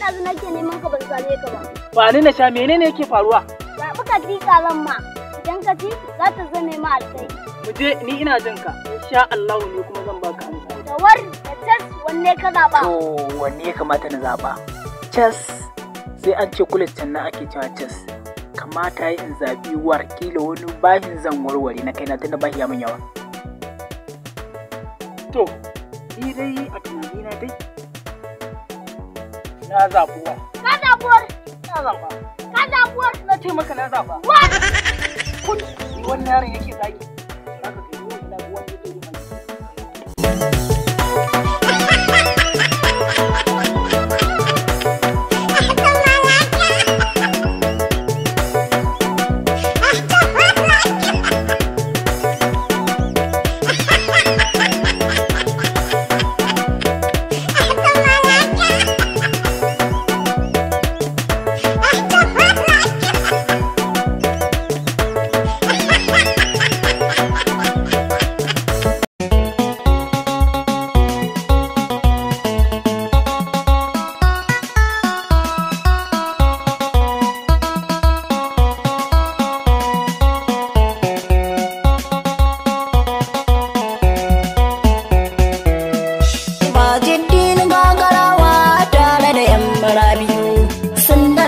ɗazu nake neman ka ban same ka ba. Ba ni na sha menene yake faruwa? Zaɓi ka ci karan ma. Idan ka ci za ta zo ma alkai. Mu je ni ina jin ka. Insha Allah ne kuma zan baka amsa. Da war da tas wanne ka zaɓa? To wanne ya kamata na zaɓa? Chess sai an ce kulit can na ake cewa chess. kamata in zaɓi war kila wani bashin zan warware na kaina tunda bashi ya min yawa. To, ni dai a tunanina dai Na zabuwa. Ka zabuwar? Na zaba. Ka zabuwar? Na ce maka na zaba. What? Wannan yaron yake zagi. yara biyu sun a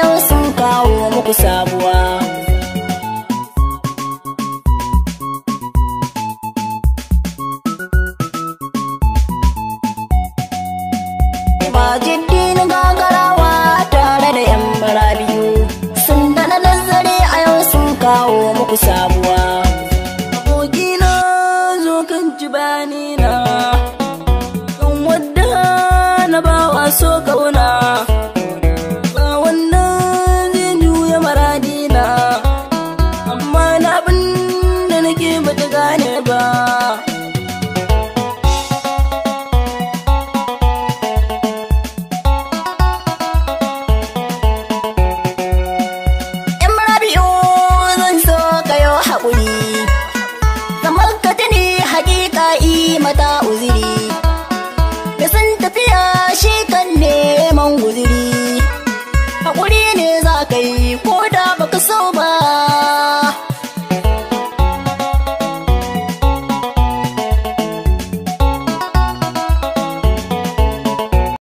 yau kawo muku sabuwa ba jiddi gagarawa tare da yan bara biyu sun a yau sun kawo muku sabuwa abokina zo kan ji na so kauna ba wannan zai juya maradina amma na abin da nake bata gane ba kamar ka tani hakika yi mata uziri